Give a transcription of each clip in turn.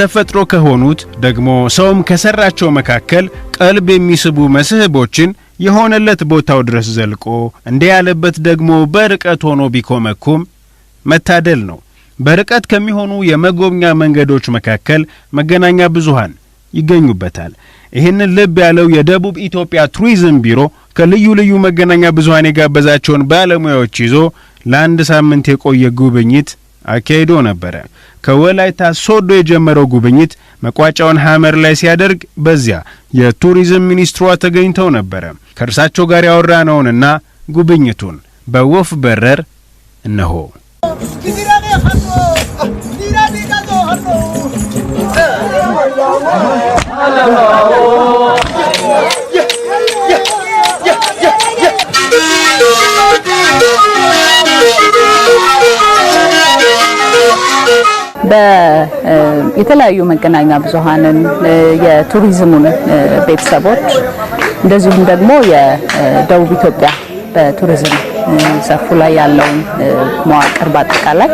ተፈጥሮ ከሆኑት ደግሞ ሰውም ከሰራቸው መካከል ቀልብ የሚስቡ መስህቦችን የሆነለት ቦታው ድረስ ዘልቆ እንደ ያለበት ደግሞ በርቀት ሆኖ ቢኮመኩም መታደል ነው። በርቀት ከሚሆኑ የመጎብኛ መንገዶች መካከል መገናኛ ብዙሃን ይገኙበታል። ይህንን ልብ ያለው የደቡብ ኢትዮጵያ ቱሪዝም ቢሮ ከልዩ ልዩ መገናኛ ብዙሃን የጋበዛቸውን ባለሙያዎች ይዞ ለአንድ ሳምንት የቆየ ጉብኝት አካሂዶ ነበረ። ከወላይታ ሶዶ የጀመረው ጉብኝት መቋጫውን ሐመር ላይ ሲያደርግ በዚያ የቱሪዝም ሚኒስትሯ ተገኝተው ነበረ። ከእርሳቸው ጋር ያወራነውንና ጉብኝቱን በወፍ በረር እነሆ። የተለያዩ መገናኛ ብዙሃንን የቱሪዝሙን ቤተሰቦች እንደዚሁም ደግሞ የደቡብ ኢትዮጵያ በቱሪዝም ዘርፉ ላይ ያለውን መዋቅር በአጠቃላይ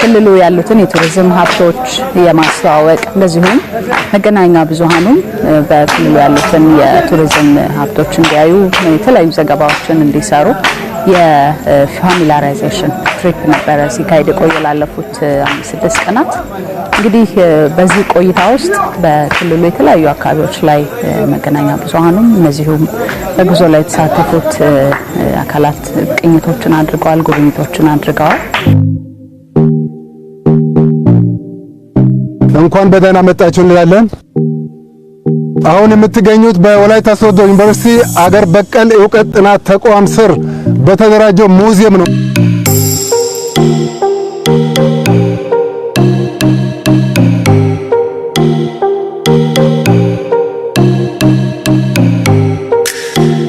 ክልሉ ያሉትን የቱሪዝም ሀብቶች የማስተዋወቅ እንደዚሁም መገናኛ ብዙሃኑም በክልሉ ያሉትን የቱሪዝም ሀብቶች እንዲያዩ የተለያዩ ዘገባዎችን እንዲሰሩ የፋሚላራይዜሽን ትሪፕ ነበረ ሲካሄድ የቆየ ላለፉት ስድስት ቀናት። እንግዲህ በዚህ ቆይታ ውስጥ በክልሉ የተለያዩ አካባቢዎች ላይ መገናኛ ብዙሀኑም እነዚሁም በጉዞ ላይ የተሳተፉት አካላት ቅኝቶችን አድርገዋል፣ ጉብኝቶችን አድርገዋል። እንኳን በደህና መጣችሁ እንላለን። አሁን የምትገኙት በወላይታ ሶዶ ዩኒቨርሲቲ አገር በቀል እውቀት ጥናት ተቋም ስር በተደራጀው ሙዚየም ነው።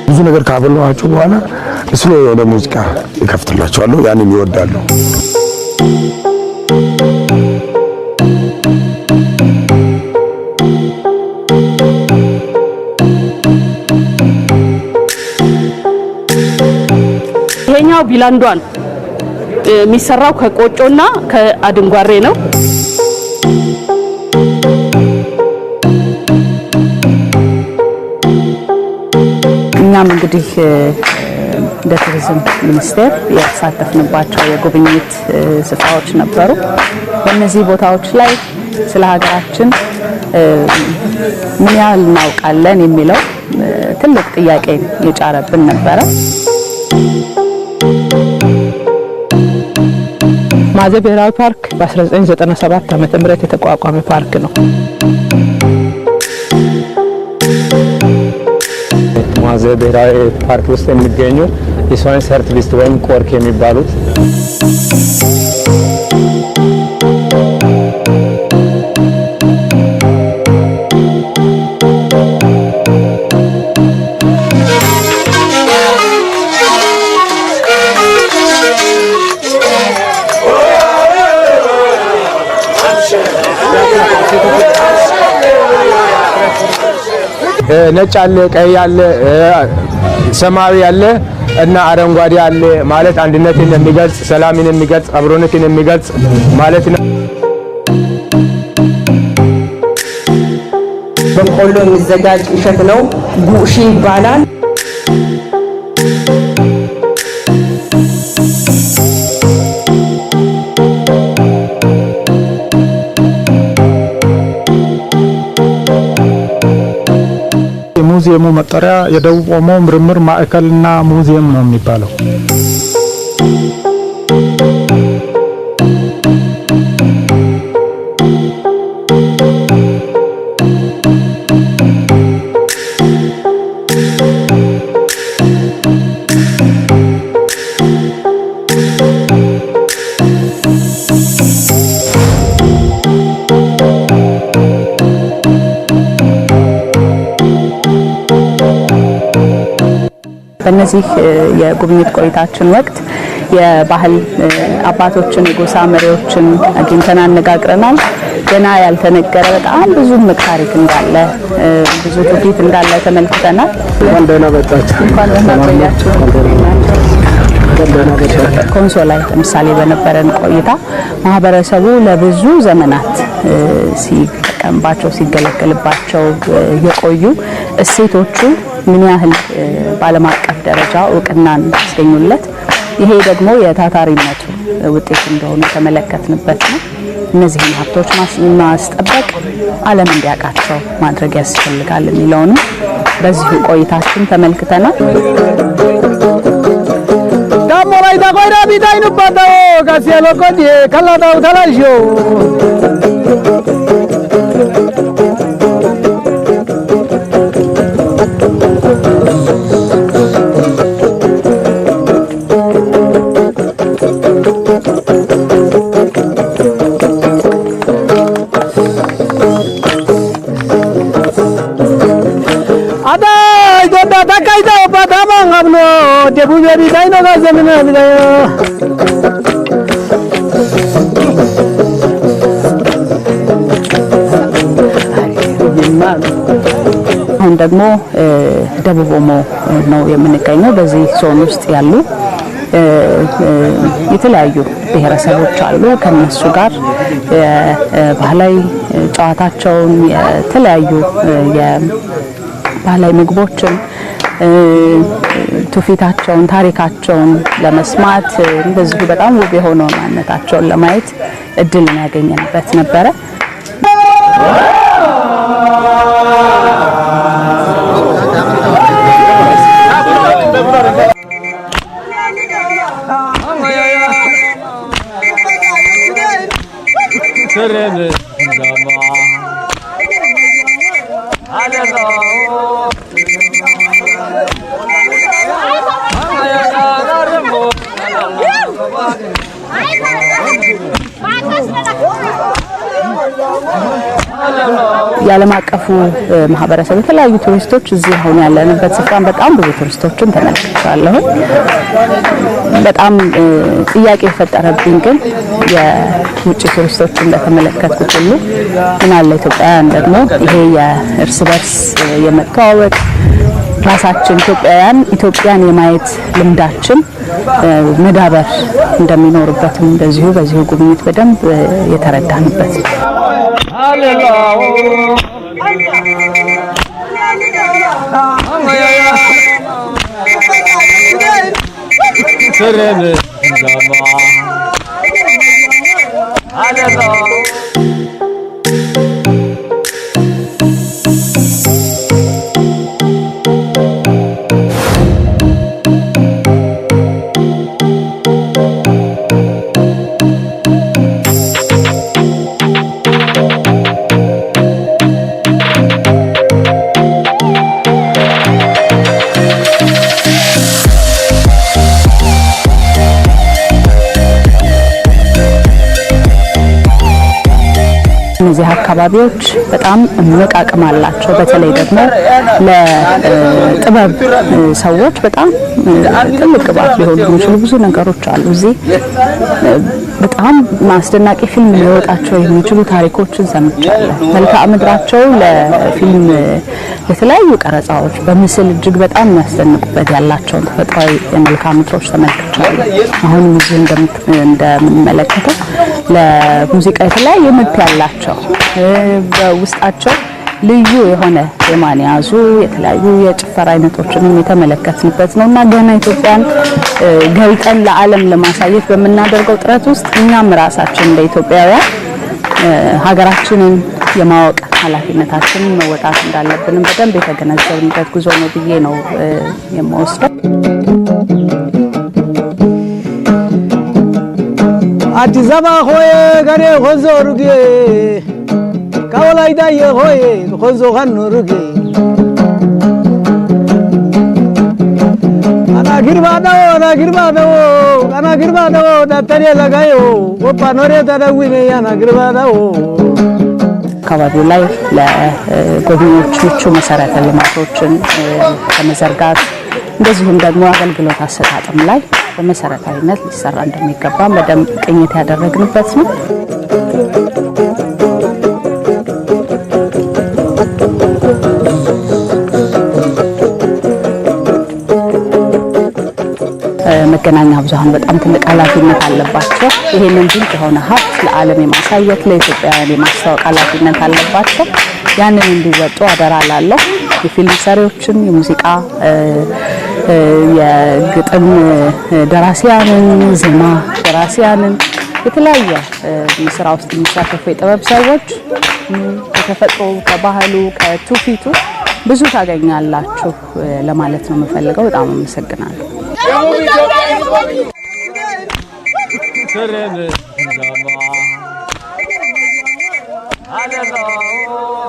ብዙ ነገር ካፈለኋቸው በኋላ ስለ ወደ ሙዚቃ ይከፍትላቸዋለሁ። ያንን ይወዳሉ። ዋናው ቢላንዷን የሚሰራው ከቆጮና ከአድንጓሬ ነው። እኛም እንግዲህ እንደ ቱሪዝም ሚኒስቴር የተሳተፍንባቸው የጉብኝት ስፍራዎች ነበሩ። በእነዚህ ቦታዎች ላይ ስለ ሀገራችን ምን ያህል እናውቃለን የሚለው ትልቅ ጥያቄ የጫረብን ነበረ። ማዘ ብሔራዊ ፓርክ በ1997 ዓ ም የተቋቋመ ፓርክ ነው። ማዘ ብሔራዊ ፓርክ ውስጥ የሚገኙ የሳይንስ ሰርት ሊስት ወይም ቆርክ የሚባሉት ነጭ አለ፣ ቀይ አለ፣ ሰማያዊ አለ እና አረንጓዴ አለ ማለት አንድነትን የሚገልጽ ሰላምን የሚገልጽ አብሮነትን የሚገልጽ ማለት ነው። በቆሎ የሚዘጋጅ እሸት ነው። ጉሺ ይባላል። የሙዚየሙ መጠሪያ የደቡብ ኦሞ ምርምር ማዕከልና ሙዚየም ነው የሚባለው። በእነዚህ የጉብኝት ቆይታችን ወቅት የባህል አባቶችን የጎሳ መሪዎችን አግኝተን አነጋግረናል። ገና ያልተነገረ በጣም ብዙ ምቅ ታሪክ እንዳለ ብዙ ትውፊት እንዳለ ተመልክተናል። እንኳን ደህና መጣችሁ። እንኳን ደህና ቆያችሁ። ኮንሶ ላይ ለምሳሌ በነበረን ቆይታ ማህበረሰቡ ለብዙ ዘመናት ሲጠቀምባቸው ሲገለገልባቸው የቆዩ እሴቶቹ ምን ያህል በዓለም አቀፍ ደረጃ እውቅናን ያስገኙለት ይሄ ደግሞ የታታሪነቱ ውጤት እንደሆኑ የተመለከትንበት ነው። እነዚህን ሀብቶች ማስጠበቅ ዓለም እንዲያውቃቸው ማድረግ ያስፈልጋል የሚለውን በዚሁ ቆይታችን ተመልክተናል። ዳሞ ላይ ተቆይዳ ቢታይንባታዎ ከሴሎኮ ከላታው ተላልሽው አሁን ደግሞ ደቡብ ኦሞ ነው የምንገኘው። በዚህ ዞን ውስጥ ያሉ የተለያዩ ብሔረሰቦች አሉ። ከነሱ ጋር ባህላዊ ጨዋታቸውን የተለያዩ የባህላዊ ምግቦችን ትውፊታቸውን፣ ታሪካቸውን ለመስማት እንደዚሁ በጣም ውብ የሆነው ማንነታቸውን ለማየት እድልን ያገኘንበት ነበረ። የዓለም አቀፉ ማህበረሰብ የተለያዩ ቱሪስቶች እዚህ አሁን ያለንበት ስፍራን በጣም ብዙ ቱሪስቶችን ተመልክቻለሁ። በጣም ጥያቄ የፈጠረብኝ ግን የውጭ ቱሪስቶች እንደተመለከትኩት ሁሉ ምን ኢትዮጵያውያን ደግሞ ይሄ የእርስ በርስ የመተዋወቅ ራሳችን ኢትዮጵያውያን ኢትዮጵያን የማየት ልምዳችን መዳበር እንደሚኖርበትም እንደዚሁ በዚሁ ጉብኝት በደንብ የተረዳንበት ነው። Alelo. Alelo. አካባቢዎች በጣም እምቅ አቅም አላቸው። በተለይ ደግሞ ለጥበብ ሰዎች በጣም ትልቅ ግብዓት ሊሆኑ የሚችሉ ብዙ ነገሮች አሉ እዚህ በጣም ማስደናቂ ፊልም ሊወጣቸው የሚችሉ ታሪኮችን ሰምቻለሁ። መልክዓ ምድራቸው ለፊልም የተለያዩ ቀረጻዎች በምስል እጅግ በጣም የሚያስደንቁበት ያላቸውን ተፈጥሯዊ የመልክዓ ምድሮች ተመልክቻለሁ። አሁንም እዚህ እንደምንመለከተው ለሙዚቃ የተለያየ ምት ያላቸው በውስጣቸው ልዩ የሆነ የማን የያዙ የተለያዩ የጭፈራ አይነቶችንም የተመለከትንበት ነው እና ገና ኢትዮጵያን ገልጠን ለዓለም ለማሳየት በምናደርገው ጥረት ውስጥ እኛም ራሳችን በኢትዮጵያውያን ሀገራችንን የማወቅ ኃላፊነታችን መወጣት እንዳለብንም በደንብ የተገነዘብንበት ጉዞ ነው ብዬ ነው የምወስደው። አዲስ አበባ ሆዬ ገኔ ኮንዞ ሩጌ ከወላይዳየ ሆዬ ኮንዞ ኸኑ ሩጌ anagirbadawo anagirbadawo anagirbadawo daተኔለጋዮ ወባ ኖሬ ተደዊኔ anagirbadawo አካባቢው ላይ ለጎብኚዎቹ መሰረተ ልማቶችን ከመዘርጋት እንደዚሁም ደግሞ አገልግሎት አሰጣጥም ላይ በመሰረታዊነት ሊሰራ እንደሚገባ በደንብ ቅኝት ያደረግንበት ነው። መገናኛ ብዙሃን በጣም ትልቅ ኃላፊነት አለባቸው። ይህንን ድንቅ የሆነ ሀብት ለዓለም የማሳየት ለኢትዮጵያውያን የማስታወቅ ኃላፊነት አለባቸው። ያንን እንዲወጡ አደራ ላለሁ የፊልም ሰሪዎችን፣ የሙዚቃ የግጥም ደራሲያንን፣ ዜማ ደራሲያንን የተለያየ ስራ ውስጥ የሚሳተፉ የጥበብ ሰዎች ከተፈጥሮ ከባህሉ ከትውፊቱ ብዙ ታገኛላችሁ ለማለት ነው የምፈልገው። በጣም አመሰግናለሁ። Teremiz dava Hala